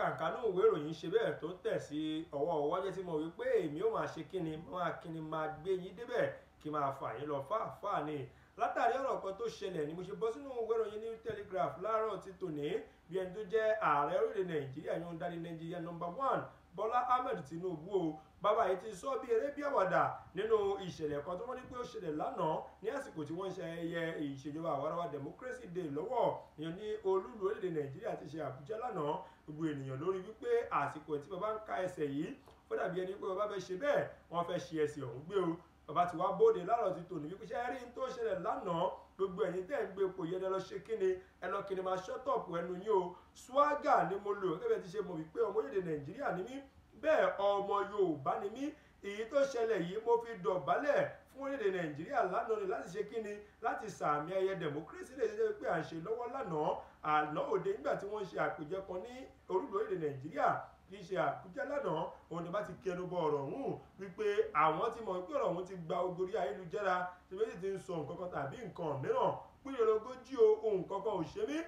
kàǹkánú ìwé ìròyìn ṣe bẹ́ẹ̀ tó tẹ̀ sí ọwọ́ ọwọ́jẹ́ tí mo wí pé èmi ò máa ṣe kíni máa kíni máa gbé yín débẹ̀ kí máa fà yín lọ fáàfáà ni látàrí ọ̀rọ̀ kan tó ṣẹlẹ̀ ni mo ṣe bọ́ sínú ìwé ìròyìn New Telegraph láàárọ̀ ti tòní bí ẹni tó jẹ́ ààrẹ orílẹ̀ Nàìjíríà yóò ń darí Nàìjíríà nọ́mbà one Bọ́lá Ahmed Tinubu o bàbá yìí ti sọ bí eré bí àwàdà nínú ìṣẹ̀lẹ̀ kan tó wọ́n ní pé ó ṣẹlẹ̀ lánàá ní àsìkò tí wọ́n ń ṣe ayẹyẹ ìṣèjọba àwarawa Democracy Day lọ́wọ́ ìyẹn ní olúlu orílẹ̀ Nàìjíríà ti ṣe Àbújá lánàá gbogbo ènìyàn lórí wípé àsìkò tí bàbá ń ka ẹsẹ̀ yìí ó dàbí ẹni pé bàbá fẹ́ ṣe bẹ́ẹ̀ wọ́n fẹ́ ṣe ẹsẹ̀ ọ̀hún gbé o bàbá ti wá bóde láàrọ̀ ti tòní wípé ṣe rí n tó ṣẹlẹ̀ lánàá gbogbo ẹ̀yin tẹ́ ń gbé epo yẹn lọ ṣe kíni ẹ kíni máa ṣọ́tọ̀pù ẹnu yín o swaga ni mo lò gẹ́gẹ́ bí ti ṣe mọ̀ wípé ọmọ orílẹ̀-èdè nàìjíríà ni mí bẹ́ẹ̀ ọmọ yorùbá ni mí èyí tó ṣẹlẹ̀ yìí mo fi dọ̀bálẹ̀ fún orílẹ̀-èdè nàìjíríà lánàá ni láti ṣe kíni láti sàmì ẹyẹ democracy lè ṣe pé à ń ṣe lọ́wọ́ lánàá àná òde nígbà tí wọ́n ṣe àpèjẹ kan ní orílẹ̀-èdè nàìjíríà kì í ṣe àpèjẹ lánàá òun ni bá ti kẹnu bọ ọ̀rọ̀ ọ̀hún wípé àwọn ti mọ̀ pé ọ̀rọ̀ ọ̀hún ti gba ogorí ayélujára tí méjì ti ń sọ nǹkan kan tàbí nǹkan mìíràn pínlẹ̀ ogójì ohun kankan ò ṣe mí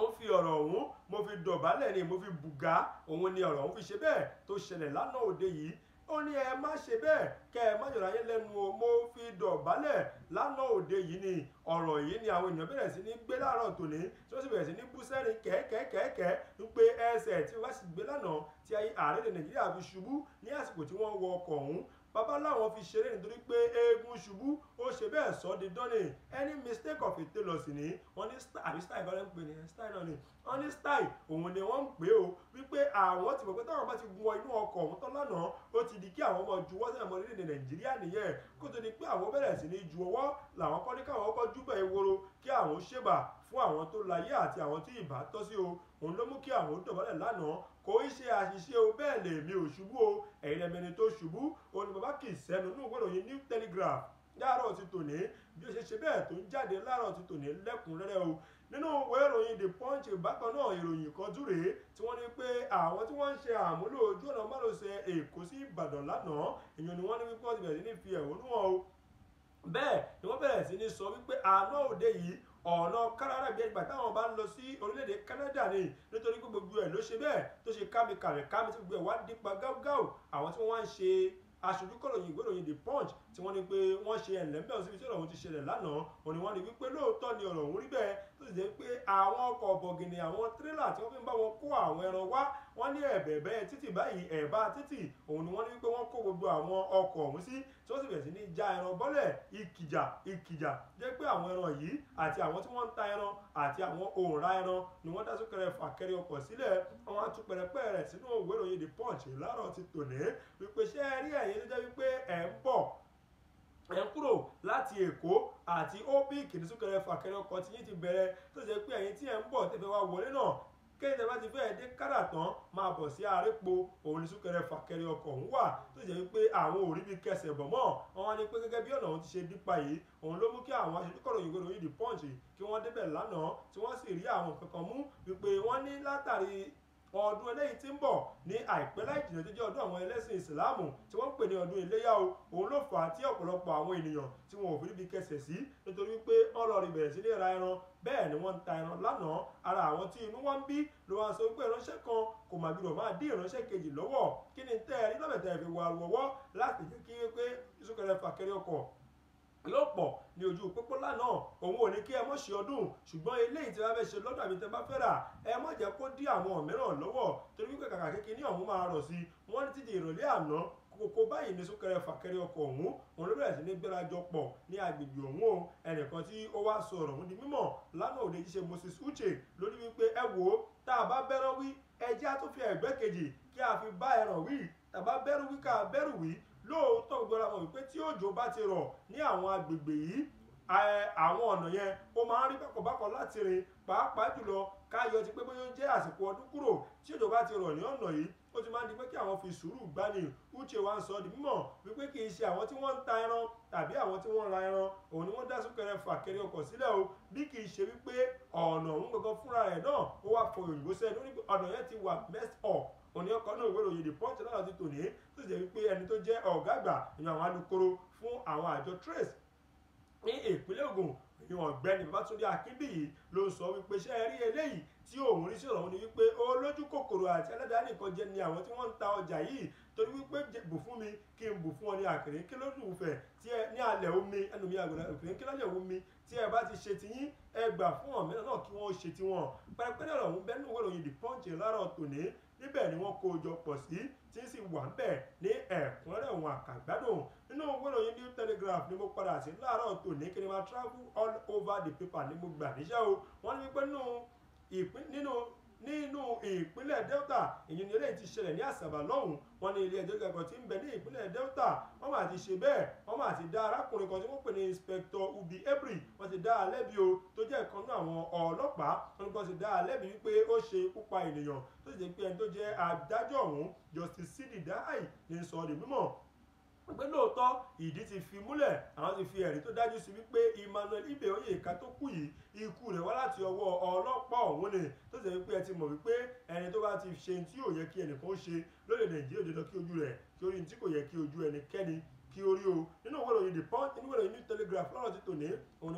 ó fi ọ̀rọ̀ ọ̀hún mo fi dọ̀bálẹ̀ ni mo fi bùgá òun ni ọ̀rọ̀ ọ̀hún fi ṣe bẹ́ẹ̀ tó ṣẹlẹ̀ lánàá òde yìí ó ní ẹ má ṣe bẹ́ẹ̀ kẹ ẹ má yọ̀rọ̀ ayé lẹ́nu o mo fi dọ̀bálẹ̀ lánàá òde yìí ni ọ̀rọ̀ yìí ni àwọn èèyàn bẹ̀rẹ̀ sí ní gbé láàárọ̀ tòní tí wọ́n sì bẹ̀rẹ̀ sí ní bú sẹ́rin kẹ́ẹ́kẹ́ẹ́kẹ́ ń pe ẹsẹ̀ tí wọ́n bá sì gbé lánàá tí ààrẹ ilẹ̀ Nàìjíríà fi ṣubú ní àsìkò tí wọ́n wọ ọkọ̀ ọ̀hún Baba láwọn fi ṣeré nítorí pé eégún ṣubú ó ṣe bẹ́ẹ̀ sọ di dọ́nì any mistake of a tailor sì ni wọ́n ní style àbí style kọ́lẹ́ ń pè ní style náà ni wọ́n ní style òun ni wọ́n ń pè ó wípé àwọn ti mọ̀ pé táwọn bá ti gun inú ọkọ̀ ọ̀hún tán lánàá ó ti di kí àwọn ọmọ ju wọ́n sẹ́yìn mọ́ nílẹ̀ nàìjíríà nìyẹn kó tó di pé àwọn bẹ̀rẹ̀ sí ní ju ọwọ́ làwọn kọ́ ní káwọn kọ́ júbẹ̀ eworo kí àwọn ṣèbà fún àwọn tó láyé àti àwọn tí ìbá tọ́ sí o òun ló mú kí àwọn ó dọ̀bálẹ̀ lánàá kò í ṣe àṣìṣe o bẹ́ẹ̀ lè mi ò ṣubú o ẹ̀yin lẹ́mẹni tó ṣubú òun ni bàbá kì í sẹ́nu ní ìwé ìròyìn New Telegraph láàárọ̀ ti tòní bí ó ṣe ṣe bẹ́ẹ̀ tó ń jáde láàárọ̀ ti tòní lẹ́kùnrẹ́rẹ́ o nínú ìwé ìròyìn the punch bákan náà ìròyìn kan dúre tí wọ́n ní pé àwọn tí wọ́n ń ṣe àmúlò ojú ọ̀nà márosẹ̀ èkó sí ìbàdàn lánàá èèyàn ni wọ́n ní wípé wọ́n ti bẹ̀rẹ̀ sí ní fi ẹ̀hónú wọn o bẹ́ẹ̀ ni wọ́n bẹ̀rẹ̀ sí ní sọ wípé àná òde yìí ọ̀nà Canada bí ẹgbà táwọn bá ń lọ sí orílẹ̀-èdè Canada ni nítorí pé gbogbo ẹ̀ ló ṣe bẹ́ẹ̀ tó ṣe kámikalẹ̀ kámi tí gbogbo ẹ̀ wá dípa gáúgáù àwọn tí wọ́n wá ń ṣe aṣojú kọ̀ròyìn ìgbéròyìn the punch tí wọ́n ní pé wọ́n ṣe ẹ̀lẹ́mbẹ́ òsibítì ọ̀rọ̀ òun ti ṣẹlẹ̀ lánàá òní wọ́n ní wípé lóòótọ́ ni ọ̀rọ̀ òun rí bẹ́ẹ̀ tó sì jẹ́ pé àwọn ọkọ̀ bọ̀gìnì àwọn tírélà tí wọ́n fi ń bá wọn kó àwọn ẹran wá wọ́n ní ẹ̀bẹ̀bẹ̀ títì báyìí ẹ̀bá títì òun ni wọ́n ní pé wọ́n kó gbogbo àwọn ọkọ̀ ọ̀hún sí tí wọ́n sì bẹ̀rẹ̀ sí ní já ẹran bọ́lẹ̀ ìkìjà ìkìjà jẹ́ pé àwọn ẹran yìí àti àwọn tí wọ́n ń ta ẹran àti àwọn òǹra ẹran ni wọ́n dá súnkẹrẹ fàkẹrẹ ọkọ̀ sílẹ̀ àwọn atúpẹrẹpẹ rẹ̀ sínú òwe ìròyìn The Punch láàárọ̀ ti tòní wípé ṣé ẹ rí ẹ̀yin tó jẹ́ wípé ẹ̀ ń bọ̀ ẹ̀ ń kúrò láti Èkó àti opic ní súnkẹrẹ fàkẹrẹ ọkọ̀ tí yín ti bẹ̀rẹ̀ tó ṣe pé ẹ̀yin tí ẹ̀ ń bọ̀ tẹ̀fẹ́ wá wọlé náà kẹ́yìn tẹ́fẹ́ ti fẹ́ẹ́ dé kádà tán máa bọ̀ sí àrépo òun ní súnkẹrẹ fàkẹrẹ ọkọ̀ ń wà tó ṣe pé àwọn ò rí bí kẹsẹ̀ bọ̀ mọ́ wọn wá ní pé gẹ́gẹ́ bí ọ̀nà òun ti ṣe dípa yìí òun ló mú kí àwọn aṣojúkọ̀ròyìn ìròyìn The Punch kí wọ́n débẹ̀ lánàá tí wọ́n sì rí àwọn kankan mú wípé wọ́n ní látàrí ọdún eléyìí tí ń bọ̀ ní àìpẹ́ láì jìnnà tó jẹ́ ọdún àwọn ẹlẹ́sìn ìsìláàmù tí wọ́n ń pè ní ọdún iléyà o òun ló fà á tí ọ̀pọ̀lọpọ̀ àwọn ènìyàn tí wọn ò fi níbi kẹsẹ̀ sí nítorí wípé ọlọ́ọ̀rì bẹ̀rẹ̀ sí ní ra ẹran bẹ́ẹ̀ ni wọ́n ń ta ẹran lánàá ara àwọn tí inú wọn ń bí ló wá sọ wípé ìránṣẹ́ kan kò má gbọdọ̀ máa dín ìránṣẹ́ kejì lọ́wọ́ kí lọ́pọ̀ ní ojú pópó lánàá òun ò ní kí ẹ mọ̀ ṣe ọdún ṣùgbọ́n eléyìí tí wọ́n fẹ́ ṣe lọ́dọ̀ àbí tẹ́ bá fẹ́ rà ẹ mọ̀ jẹ́ kó dí àwọn mìíràn lọ́wọ́ torí wípé kàkà kékeré ọ̀hún máa rọ̀ sí wọ́n ní títí ìrọ̀lẹ́ àná kókó báyìí ní súnkẹrẹ fàkẹrẹ ọkọ̀ ọ̀hún òun ló bẹ̀rẹ̀ sí ní gbẹ́rajọ pọ̀ ní agbègbè ọ̀hún o ẹnìkan tí ó wá sọ ọ̀hún di mímọ̀ lánàá òde ṣíṣe Moses Uche lórí wípé ẹ wò ó tá a bá bẹ́rọ̀ wí ẹjẹ́ á tún fi ẹ̀gbẹ́ kejì kí a fi bá ẹran wí tàbá bẹ́rù wí ká bẹ́rù wí lóòótọ́ gbogbo ara mọ̀ wípé tí òjò bá ti rọ̀ ní àwọn agbègbè yìí àwọn ọ̀nà yẹn ó máa ń rí bákọ̀bákọ̀ láti rìn pàápàá jùlọ káyọ̀ ti pé bóyá ó jẹ́ àsìkò ọdún kúrò tí òjò bá ti rọ̀ ní ọ̀nà yìí ó ti máa ń di pé kí àwọn fi sùúrù gbani uche wa ń sọ di mímọ̀ wípé kì í ṣe àwọn tí wọ́n ń ta ẹran tàbí àwọn tí wọ́n ń ra ẹran òun ni wọ́n dá súnkẹrẹ fàkẹrẹ ọkọ̀ sílẹ̀ o bí kì í ṣe wípé ọ̀nà òun gangan fúnra rẹ̀ náà ó wà fọyọ̀ òyìnbó sẹ́ni ọ̀nà yẹn ti wà messed up òní ọkọ̀ náà ìwé ìròyìn the punch lọ́la ti tòní tó sì jẹ́ wípé ẹni tó jẹ́ ọ̀gá àgbà ìyẹn àwọn alukoro fún àwọn àjọ trace ní ìpínlẹ̀ Ògùn ìwọ̀n ọ̀gbẹ́ni Babátúndé Akínbíyì ló sọ wípé ṣé ẹ rí eléyìí tí òun rí sọ̀rọ̀ òun ni wípé olójú kòkòrò àti aládàáni kan jẹ ni àwọn tí wọ́n ń ta ọjà yìí torí wípé bù fún mi kí n bù fún ọ ní àkèrè kí ló dùn fẹ̀ tí ẹ ní alẹ̀ omi ẹnu mi àgbàdo àkèrè kí lálẹ̀ omi tí ẹ bá ti ṣe tiyín ẹ gbà fún ọ̀mí náà kí wọ́n ṣe tiwọn pẹrẹpẹrẹ ọ̀hún bẹ́ẹ̀ nínú ìwé The Punch láàárọ̀ tòní níbẹ̀ ni wọ́n kó jọ pọ̀ sí tí sì wà ń bẹ̀ ní ẹ̀kúnrẹ́rẹ́ òun àkàgbádùn nínú ìwé ìròyìn New Telegraph ni mo padà sí láàárọ̀ tòní kí ni máa travel all over the paper ni mo gbà níṣẹ́ o wọ́n ní wípé nínú nínú ìpínlẹ̀ delta èyí ni eléyìí ti ṣẹlẹ̀ ní àsàbà lọ́hùn wọn ní ilé ẹjọ́ gàgbọ́ tí ń bẹ ní ìpínlẹ̀ delta wọ́n máa ti ṣe bẹ́ẹ̀ wọ́n máa ti dá arákùnrin kan tí wọ́n pè ní inspector ubi ebri wọ́n ti dá a lẹ́bi o tó jẹ́ ìkan náà àwọn ọlọ́pàá wọn ni wọ́n ti dá a lẹ́bi wípé ó ṣe ikú pa ènìyàn tó sì jẹ́ pé ẹni tó jẹ́ adájọ́ ọ̀hún justice sidi dahai ní sọ ọ́ di mímọ̀ pé lóòótọ́ ìdí ti fi múlẹ̀ àwọn ti fi ẹ̀rí tó dájú sí wípé Emmanuel Ibe Oyèká tó kú yìí ikú rẹ̀ wá láti ọwọ́ ọlọ́pàá ọ̀hún ni tó sì wípé ẹ ti mọ̀ wípé ẹni tó bá ti ṣe tí ò yẹ kí ẹnìkan ṣe lóde Nàìjíríà dandan kí ojú rẹ̀ kí orí tí kò yẹ kí ojú ẹnikẹ́ni kí orí o nínú ìwé ìròyìn The Punch nínú ìwé ìròyìn New Telegraph lọ́rọ̀ ti tòní òun